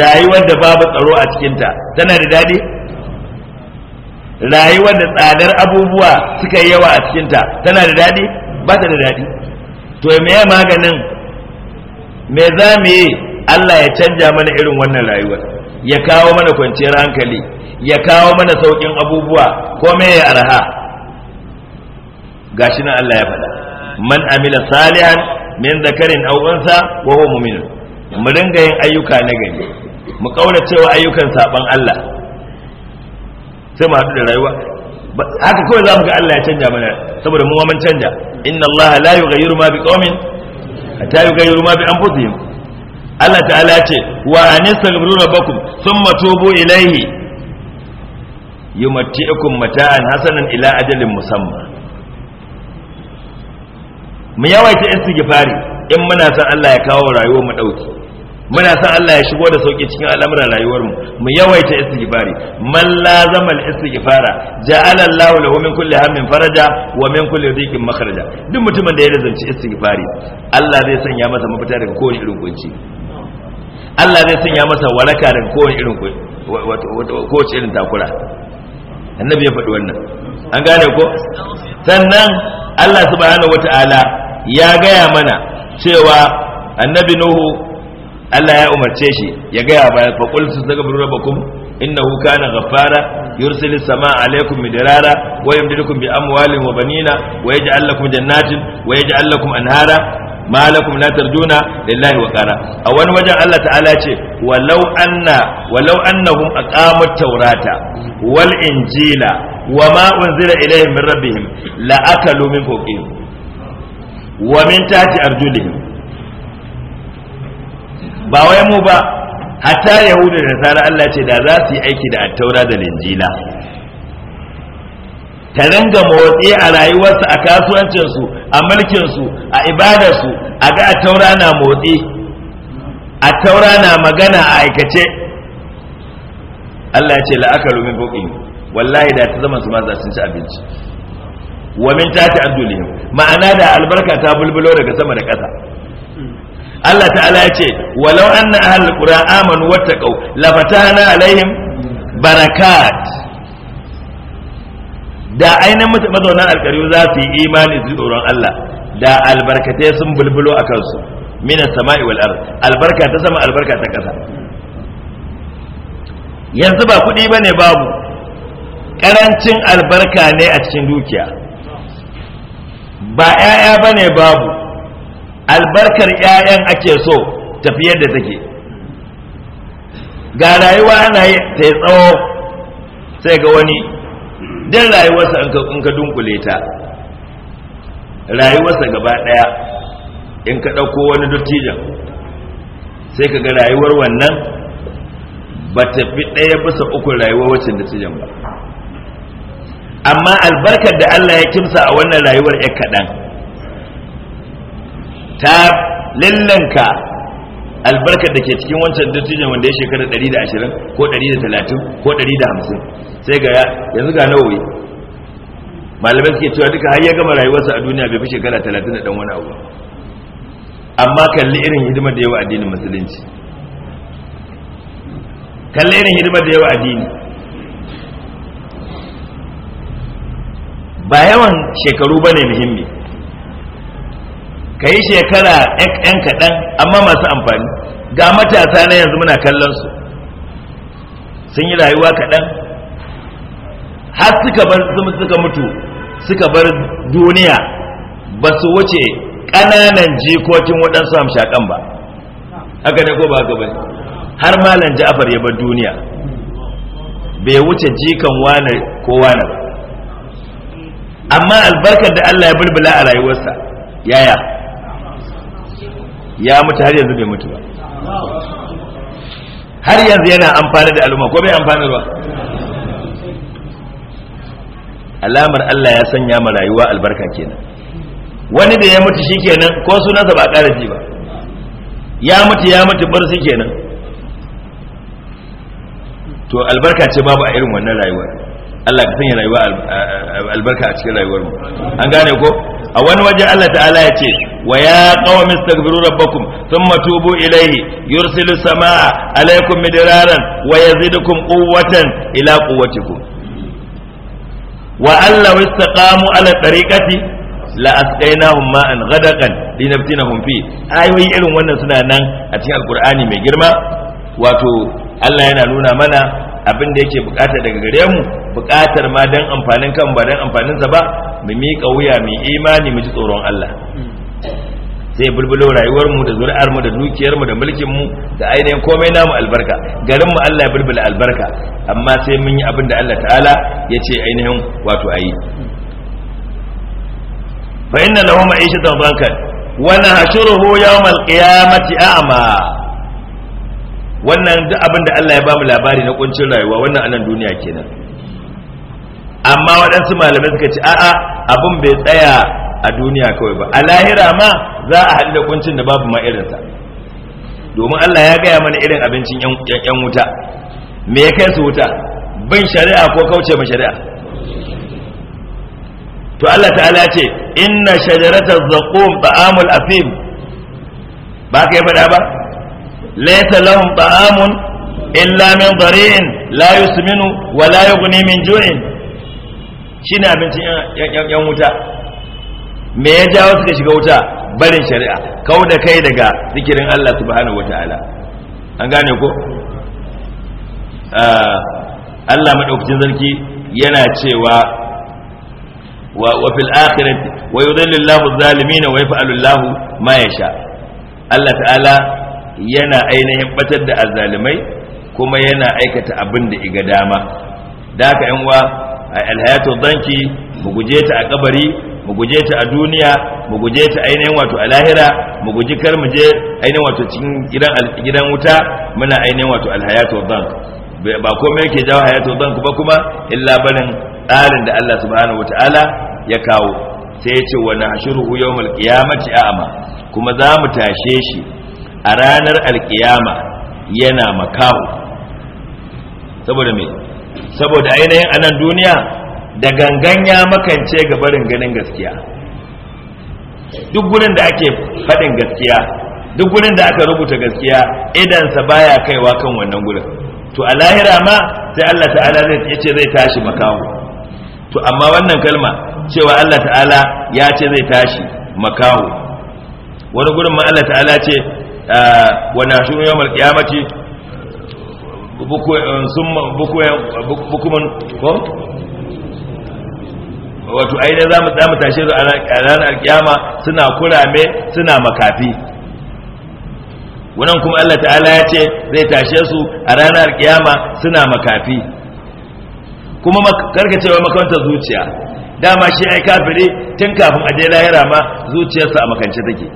rayuwar da babu tsaro a cikinta tana da daɗi rayuwar da tsadar abubuwa suka yi yawa a cikinta tana da daɗi ba ta da daɗi to me maganin me za mu yi Allah ya canja mana irin wannan rayuwar ya kawo mana kwanciyar hankali ya kawo mana saukin abubuwa ko me ya arha gashi nan Allah ya faɗa man amila salihan min zakarin aw unsa wa huwa mu'min mu dinga yin ayyuka na gari mu kaura cewa ayyukan saban Allah sai mu haɗu da rayuwa haka kawai za mu ga Allah ya canja mana saboda mu mun canja inna Allah la yughayyiru ma biqaumin hatta yughayyiru ma bi anfusihim Allah ta'ala ce wa anistaghfiru rabbakum thumma tubu ilayhi yumatti'ukum mata'an hasanan ila ajalin musamma mu yawaita istighfari in muna son Allah ya kawo rayuwar mu dauki muna son Allah ya shigo da sauki cikin al'amuran rayuwar mu mu yawaita istighfari man lazama al-istighfara ja'ala Allah lahu min kulli hammin faraja wa min kulli dhikin makhraja duk mutumin da ya lazanci istighfari Allah zai sanya masa mafita daga kowace irin kunci Allah zai sanya masa waraka daga kowane irin kowace irin takura annabi ya faɗi wannan an gane ko sannan Allah subhanahu wata'ala ya gaya mana cewa annabi nuhu Allah ya umarce shi ya gaya ba fa qul tastaghfiru rabbakum innahu kana ghaffara yursilis samaa alaykum midrara wa yamdidukum bi amwalin wa banina wa yaj'al lakum jannatin wa yaj'al lakum anhara malakum la tarjuna lillahi wa qara a wani wajen Allah ta'ala ce walau anna walau annahum aqamut tawrata wal injila wama unzila ilayhim min rabbihim la akalu min fawqihim wa min tahti arjulihim ba wai mu ba hatta yahudu da nasara Allah ce da za su yi aiki da attaura da linjila ta ringa motsi a rayuwarsu a kasuwancinsu a mulkinsu a ibadarsu a ga a taura na motsi a taura na magana a aikace Allah ya ce la'akalu min fokin wallahi da ta zaman su ma za su ci abinci wa min tati adulihim ma'ana da albarka ta bulbulo daga sama da ƙasa Allah ta'ala ya ce walau anna ahlul qura amanu wattaqu lafatana alaihim barakat da ainihin mazaunan alkariyu za su yi imani su tsoron Allah da albarkatai sun bulbulo a kansu mina sama'i wal ard albarka ta sama albarka ta kasa yanzu ba kuɗi ba ne babu ƙarancin albarka ne a cikin dukiya ba 'ya'ya ba ne babu albarkar 'ya'yan ake so tafiyar da take ga rayuwa ana yi ta tsawo sai ga wani dan rayuwarsa in ka dunkule ta rayuwarsa gaba daya in ka dauko wani dottijan sai ka ga rayuwar wannan ba ta fi daya bisa uku rayuwar wacce dottijan ba amma albarkar da Allah ya kimsa a wannan rayuwar ya kaɗan ta lallanka albarkar da ke cikin wancan dattijan wanda ya shekara 120 ko 130 ko 150 sai ga yanzu ga nawawi malamai suke cewa duka har ya gama rayuwarsa a duniya bai fi shekara 30 da dan wani abu amma kalli irin hidimar da yawa addinin musulunci kalli irin hidimar da yawa addini ba yawan shekaru bane muhimmi ka yi shekara yan kaɗan amma masu amfani ga matasa na yanzu muna kallon su sun yi rayuwa kaɗan har suka bar suka mutu suka bar duniya ba su wuce ƙananan jikokin waɗansu hamshaƙan ba haka ne ko ba ga bane har malam ja'far ya bar duniya bai wuce jikan wane ko wane ba amma albarkar da Allah ya bulbula a rayuwarsa yaya ya mutu har yanzu bai mutu ba har yanzu yana amfani da al'umma ko bai amfani ba alamar Allah ya sanya ma rayuwa albarka kenan wani da ya mutu shikenan ko sunansa ba ƙara ji ba ya mutu ya mutu bar su kenan to albarka ce babu a irin wannan rayuwar Allah ka sanya rayuwa albarka a cikin rayuwar mu an gane ko a wani waje Allah ta'ala ya ce ويا قوم استغفروا ربكم ثم توبوا إليه يرسل السماء عليكم مدرارا ويزيدكم قوة إلى قوتكم وأن لو استقاموا على طريقتي la'asqainahum ma'an ghadaqan linaftinahum fi ayoyi irin wannan suna nan a cikin alqur'ani mai girma wato Allah yana nuna mana abin da yake bukata daga gare mu bukatar ma dan amfanin kan ba dan amfanin sa ba mu miƙa wuya mu imani mu ji tsoron Allah sai bulbulo rayuwar mu da zuri'ar mu da dukiyar mu da mulkin mu da ainihin komai namu albarka garin mu Allah ya bulbula albarka amma sai mun yi abin da Allah ta'ala ya ce ainihin wato ayi fa inna lahu ma'ishatan bankan wa nahshuruhu yawmal qiyamati a'ma wannan duk abin da Allah ya ba mu labari na kuncin rayuwa wannan anan duniya kenan amma waɗansu malamai suka ce a'a abin bai tsaya a duniya kawai ba a lahira ma za a haɗu da kuncin da babu ma irinsa domin Allah ya gaya mana irin abincin yan wuta me ya kai su wuta bin shari'a ko kauce ma shari'a to Allah ta'ala ce inna shajarata zaqum ta'amul afim ba ka yi faɗa ba laysa lahum ta'amun illa min dhari'in la yusminu wa la yughni min ju'in shine abincin yan wuta me ya jawo suka shiga wuta barin shari'a kau da kai daga zikirin Allah subhanahu wataala an gane ko ah, Allah madaukakin sarki yana cewa wa fil akhirati wa yudhillu Allahu adh-dhalimin wa yaf'alu Allahu ma yasha Allah ta'ala yana ainihin batar da azzalimai kuma yana aikata abin da iga dama da haka yan wa alhayatu dhanki mu guje ta a kabari mu guje ta a duniya mu guje ta ainihin wato a lahira mu guji kar mu je ainihin wato cikin gidan wuta muna ainihin wato alhayatu dhank ba komai yake jawo hayatu dhank ba kuma illa barin tsarin da Allah subhanahu wataala ya kawo sai ya ce wa nahshuruhu yawmal qiyamati a'ma kuma za mu tashe shi a ranar alkiyama yana makaho saboda me saboda ainihin anan duniya da gangan ya makance ga barin ganin gaskiya duk gurin da ake faɗin gaskiya duk gurin da aka rubuta gaskiya idansa baya kaiwa kan wannan gurin to a lahira ma sai Allah ta'ala zai ce zai tashi makaho to amma wannan kalma cewa Allah ta'ala ya ce zai tashi makaho wani gurin ma Allah ta'ala ce ah, wa nahshuru yawmal qiyamati bukuman ko wato ainihin za mu zamu tashe su a ranar alkiyama suna kurame suna makafi wannan kuma Allah ta'ala ya ce zai tashe su a ranar alkiyama suna makafi kuma karkacewa makamta zuciya dama shi ai kafiri tun kafin a je lahira ma zuciyarsa a makance take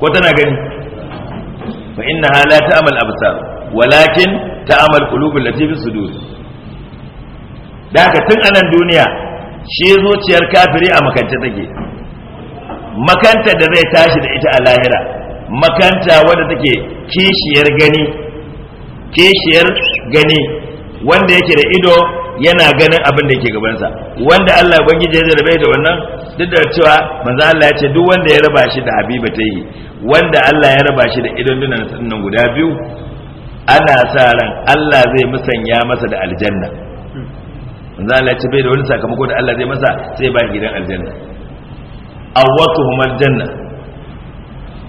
ko tana gani fa ha la ta'mal absar walakin ta'mal qulubul lati fi sudur da haka tun anan duniya shi zuciyar kafiri a makance take makanta da zai tashi da ita a lahira makanta wadda take kishiyar gani kishiyar gani wanda yake da ido yana ganin abin da yake gabansa wanda Allah bangije ya rabe da wannan duk da cewa manzo Allah ya ce duk wanda ya raba shi da habiba tayi wanda Allah ya raba shi da idon dunan nan guda biyu ana sa ran Allah zai musanya masa da aljanna manzo Allah ce bai da wani sakamako da Allah zai masa sai ba gidan aljanna humal janna.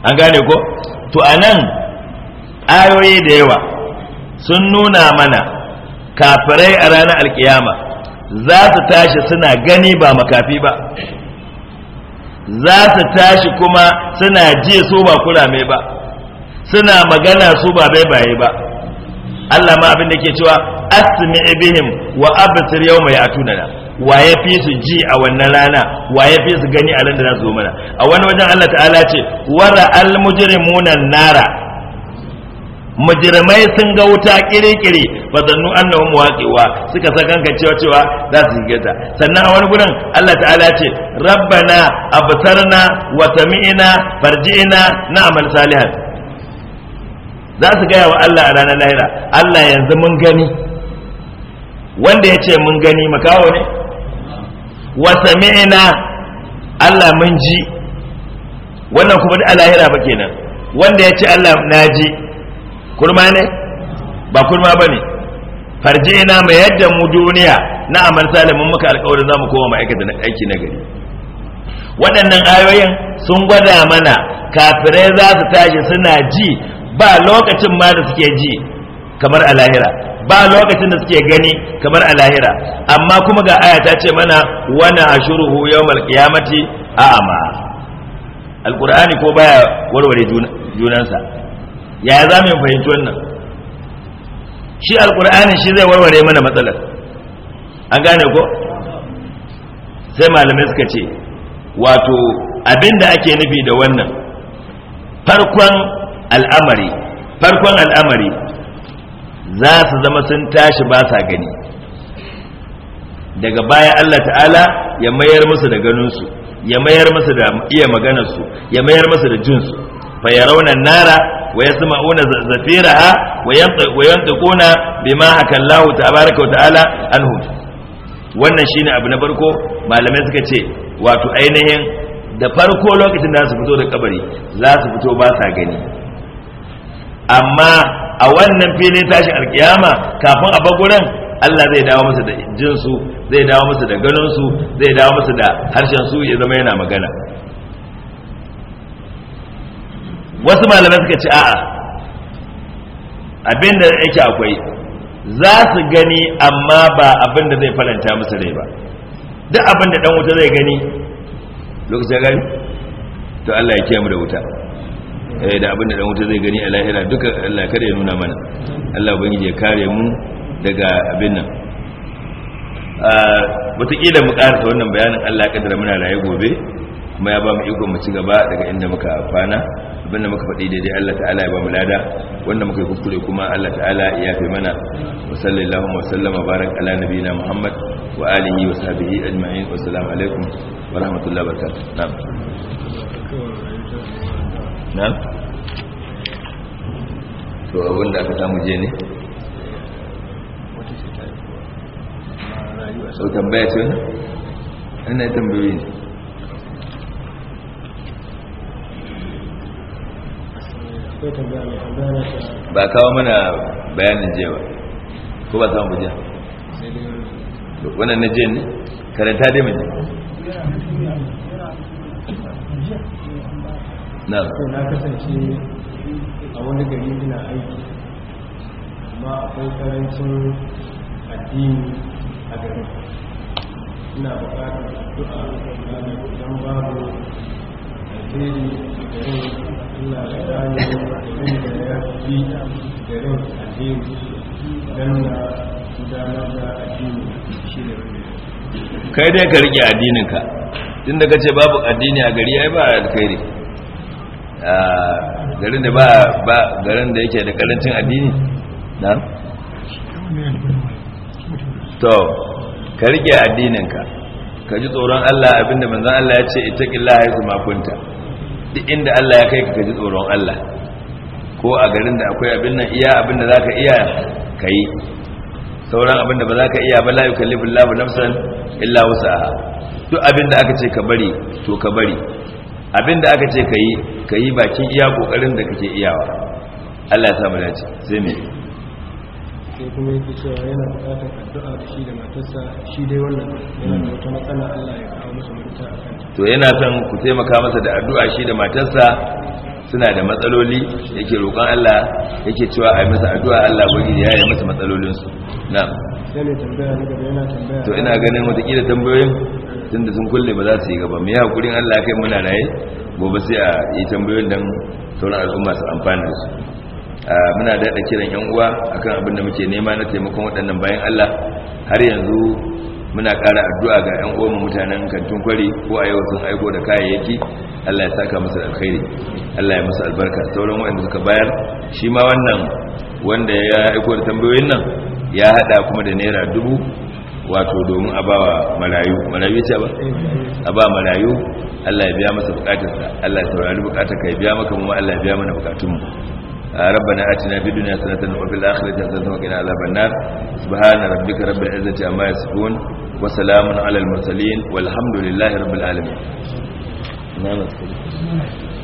an gane ko to anan ayoyi da yawa sun nuna mana kafirai a ranar alkiyama za su tashi suna gani ba makafi ba za su tashi kuma suna ji su ba kurame ba suna magana su ba bai baibaye ba Allah ma abin da ke cewa asmi bihim wa abtir yawma ya'tunana wa ya fi su ji a wannan rana wa ya fi su gani a ran da za su zo mana a wani wajen Allah ta'ala ce wara al mujrimuna nara mujrimai sun ga wuta kirikiri ba zannu annahum waqiwa suka sakanka cewa cewa za su shige sannan a wani gurin Allah ta'ala ce rabbana absarna wa tami'na farji'na na'mal salihan za su gaya wa Allah a ranar lahira Allah yanzu mun gani wanda ya ce mun gani makawo ne wa sami'na Allah mun ji wannan kuma da lahira ba kenan wanda ya ce Allah na ji kurma ne ba kurma ba ne farji'na mai yadda mu duniya na amal salimin muka za mu koma ma'aikata na aiki na gari waɗannan ayoyin sun gwada mana kafirai za su tashi suna ji ba lokacin ma da suke ji kamar a lahira ba lokacin da suke gani kamar a lahira amma kuma ga aya ta ce mana wana ashuruhu yawmal qiyamati a'ma alqur'ani ko baya warware junansa yaya za mu fahimci wannan shi alqur'ani shi zai warware mana matsalar an gane ko sai malamai suka ce wato abinda ake nufi da wannan farkon al'amari farkon al'amari za su zama sun tashi ba sa gani daga baya Allah ta'ala ya mayar musu da ganinsu ya mayar musu da iya maganarsu ya mayar musu da jinsu fa raunan nara wa yasma'una zafiraha wa yantiquna bima Allah tabaraka wa ta'ala anhu wannan shine abu na farko malamai suka ce wato ainihin da farko lokacin da su fito da kabari za su fito ba sa gani amma a wannan filin tashi alkiyama kafin a baguren Allah zai dawo musu da jinsu zai dawo musu da ganinsu zai dawo musu da harshen su ya zama yana magana wasu malamai suka ci a'a abin da yake akwai za su gani amma ba abin da zai faranta musu rai ba duk abin da dan wuta zai gani lokacin gani to Allah ya kiyamu da wuta Eh, da abin da dan wuta zai gani a lahira duka Allah kada ya nuna mana Allah ubangiji ya kare mu daga abin nan ah, wataƙila mu ƙarasa wannan bayanin Allah kadara muna raye gobe kuma ya ba mu iko mu ci gaba daga inda muka afana abin da muka faɗi daidai Allah ta'ala ya ba mu lada wanda muka yi kuskure kuma Allah ta'ala ya fi mana wa sallallahu wa sallama barak ala nabiyina Muhammad wa alihi wa sahbihi ajma'in wa assalamu alaikum wa rahmatullahi wa barakatuh na'am na'am to abin da aka samu je ne sau tambaya ce ana tambayoyi ne ba kawo mana bayanin jewa ko ba samun bujiya wannan na jiya ne karanta dai mai na na kasance a wani gari ina aiki amma akwai karancin addini a garin ina bukatar addu'a don babu alheri da garin ina da da garin da ya fi garin alheri don na gudanar da addini shi da kai dai ka rike addininka tun da ka ce babu addini a gari ai ba alheri garin da ba garin da yake da karancin addini na? to ka rike addininka ka ji tsoron Allah abinda manzon Allah ya ce itaqillaha haythu ma kunta duk inda Allah ya kai ka ji tsoron Allah ko a garin da akwai abin nan iya abin da zaka iya kai sauran abin da ba zaka iya ba la yukallifu Allahu nafsan illa wus'aha duk abin da aka ce ka bari to ka bari Abin da aka ce ka yi ka yi bakin iya kokarin da kake iyawa Allah ya samu dace sai me sai kuma yake cewa yana bukatar addu'a da shi da matarsa shi dai wannan yana da wata matsala Allah ya kawo musu mutunta a kanta to yana son ku taimaka masa da addu'a shi da matarsa suna da matsaloli yake roƙon Allah yake cewa a yi masa addu'a Allah bari ya yi masa matsalolinsu na'am sai ne tambaya ne gaba yana tambaya to ina ganin wata kila tambayoyin tunda sun kulle ba za su yi gaba mai hakurin allah kai muna raye gobe sai a yi tambayoyin don sauran al'umma su amfani da su muna daɗa kiran yan uwa akan abin da muke nema na taimakon waɗannan bayan allah har yanzu muna ƙara addu'a ga yan uwa mutanen kantin kwari ko a yau sun aiko da kayayyaki allah ya saka musu alkhairi allah ya musu albarka sauran waɗanda suka bayar shi ma wannan wanda ya aiko da tambayoyin nan ya haɗa kuma da naira dubu wato domin a bawa malayu ce ba a ba Allah ya biya masa bukatarsa Allah ya saurari bukatar biya maka mu Allah ya biya mana bukatunmu ربنا آتنا في الدنيا حسنة وفي الآخرة حسنة وقنا عذاب النار سبحان ربك رب العزة عما يصفون وسلام على المرسلين والحمد لله رب العالمين